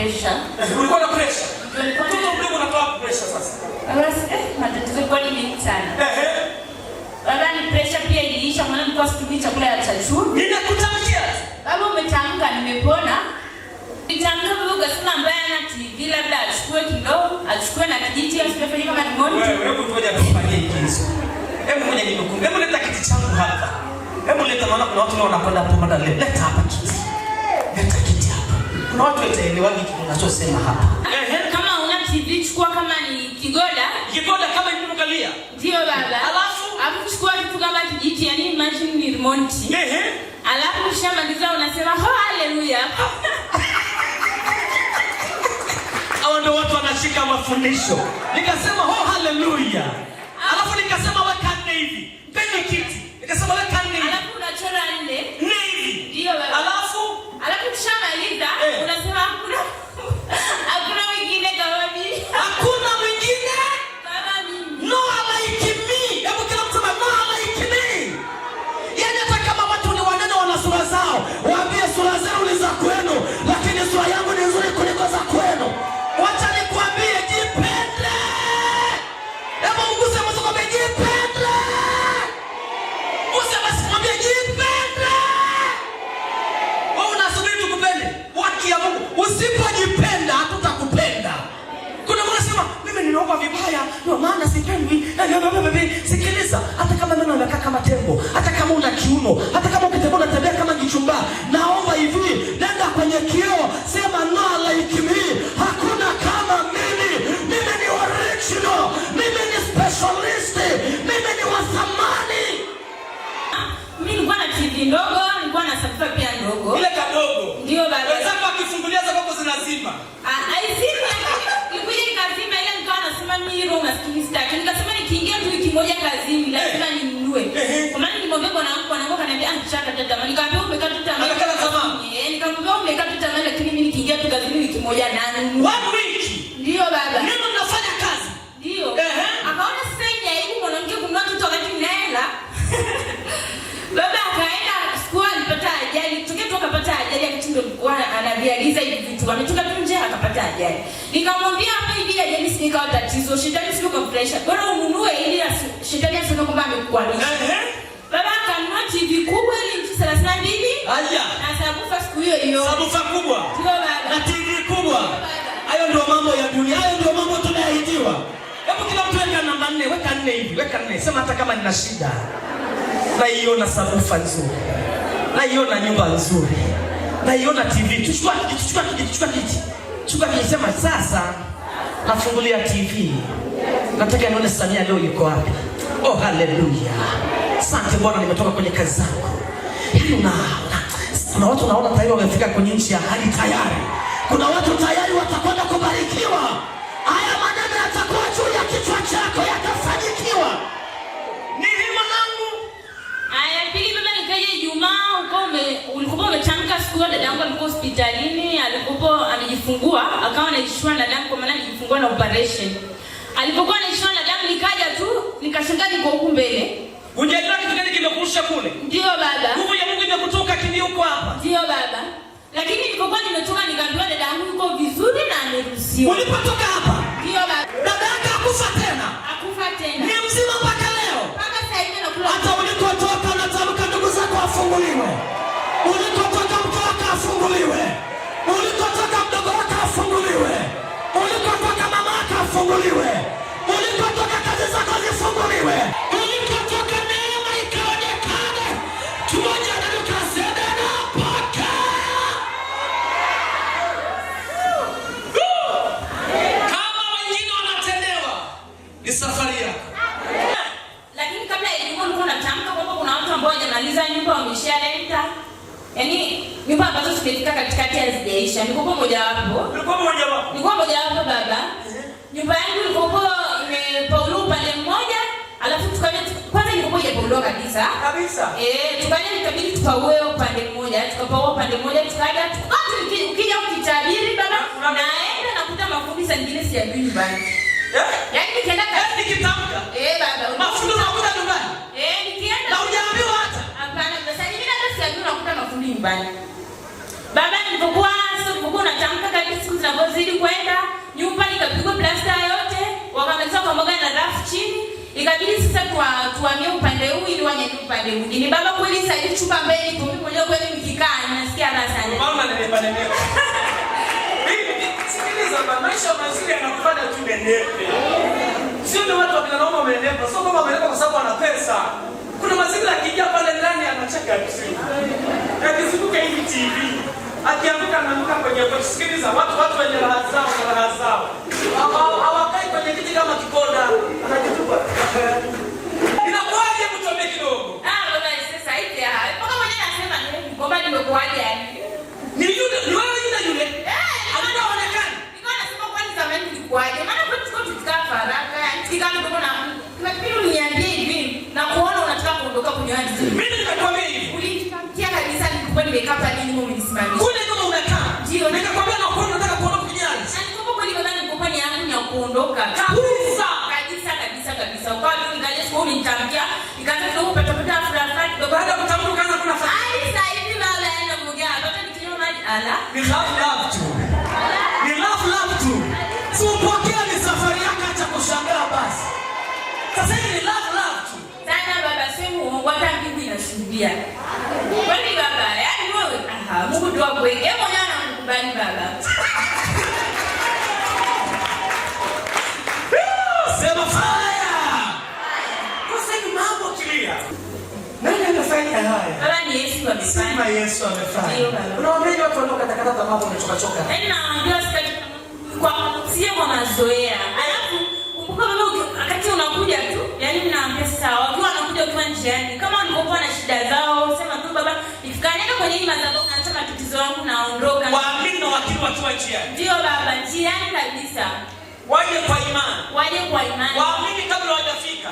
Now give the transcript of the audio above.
pressure. Ulikuwa na pressure. Eh, umetamka nimepona. Nitamka baba ukasema TV labda achukue kidogo, achukue na kijiti asipofanya kama hebu Hebu ngoja nikukumbuke. leta kiti changu hapa. Hebu kuna watu kuna watu wataelewani tunachosema hapa. Ehe, kama una TV chukua kama ni kigoda. Kigoda kama imenukalia. Ndio baba. Alafu alafu chukua kitu kama kijiti, yani imagine ni remote. Ehe. Alafu ushamaliza unasema ho oh, haleluya. Hao ndio watu wanashika mafundisho. Nikasema ho oh, haleluya. ninaomba vibaya, ndio maana sipendwi. Sikiliza, hata kama mimi nimeka kama tembo, hata kama una kiuno, hata kama ukitembea unatembea kama kichumba, naomba hivi, nenda kwenye kioo, sema no like me moja na nne. One Ndio baba. Neno mnafanya kazi. Ndio. Akaona sasa ni aibu mwanamke kumwona mtoto wakati mna hela. Baba akaenda sikuwa alipata ajali. Tokea tu akapata ajali akitindo mkoa anavializa hivi vitu. Ametoka tu nje akapata ajali. Nikamwambia hapa hivi ajali si ikawa tatizo. Shetani sio pressure Bora ununue ili shetani asione kwamba amekuwa Uh Baba akanunua TV nne hivi, weka nne, sema hata kama nina shida, naiona sabufa nzuri, naiona nyumba nzuri, naiona TV. Chukua kiti, chukua kiti, chukua kiti, chukua kiti, sema sasa nafungulia TV, nataka nione Samia leo yuko wapi. Oh, haleluya! Asante Bwana, nimetoka kwenye kazi zangu yaani na kuna watu naona tayari wamefika kwenye nchi ya hali tayari, kuna watu tayari watakwenda kubarikiwa haya hospitalini, alipokuwa amejifungua akawa anaishiwa na damu, kwa maana alijifungua na operation. Alipokuwa anaishiwa na damu, nikaja tu nikashangaa, niko huku mbele. Hujajua kitu gani kimekurusha kule? Ndio baba. Nguvu ya Mungu imekutoka kimya huko hapa. Ndio baba. Lakini nilipokuwa nimetoka nikaambiwa dada yangu yuko vizuri na ameruhusiwa. Ulipotoka zifunguliwe, ulipotoka kazi zako zifunguliwe, ulipotoka neema ikaonekane. Tumoja na tukasema napokea. Kama wengine wanatendewa, ni safari yako. Lakini kabla ya nilikuwa natamka kwamba kuna watu ambao wajamaliza nyumba wameshaleta, yaani nyumba ambazo zimefika katikati hazijaisha. Nilikuwa mojawapo, nilikuwa mojawapo, nilikuwa mojawapo baba nyumba yangu ilikuwa imepaulua pale mmoja, alafu tukaja kwanza ilikuwa haijapaulua kabisa kabisa, eh, tukaja nikabidi tupaue upande mmoja, tukapaua upande mmoja, tukaja watu ah, ukija ukitabiri baba, naenda nakuta mafundi saa nyingine siyajui nyumbani, eh? yaani nikienda kazi eh, nikitamka, eh baba, mafundi nakuta nyumbani ili sasa tuamie upande huu ili waje upande mwingine. Baba kweli sasa hii chupa mbele ipo mimi mwenyewe kweli nikikaa ninasikia raha sana. Mama Mimi sikiliza baba, maisha mazuri yanakufanya tu nenepe. Sio ni watu wakina wamenepa, sio kama wamenepa kwa sababu pesa. Kuna mazingira pale ndani anacheka tu. Akizunguka hivi TV. Akianguka anaanguka kwenye box. Sikiliza watu watu wenye raha zao na raha zao inakuwaje kuchome kidogo? Ah, ni yule ni wewe eh, kuondoka kwenye hali nilikuwa kwenye hali. Na nilikuwa kweli ni ya kuondoka nitamkia, nikaanza kidogo pata pata fulani fulani kidogo, hata kutamka kaanza kula fulani. Ai, sasa hivi baba aenda kuongea, hata nikinywa maji ala. Ni love love tu. Ni love love tu. Tupokee ni safari yako, acha kushangaa basi. Sasa hivi ni love love tu. Sana baba, simu wata mbingu inashuhudia. Kwani baba haya sema Yesu amefanya. Unawaambia yaani mazoea, alafu kumbuka mama, wakati unakuja tu, yaani mnaambia sawa, wakiwa wanakuja kwa njiani, kama walikokuwa na shida zao, sema tu baba, ifikanyaka kwenye hii madhabahu, naacha matatizo yangu, naondoka. Waamini na wakili wakiwa njiani, ndio baba, njiani kabisa, waje kwa imani, waje kwa imani, waamini kabla hawajafika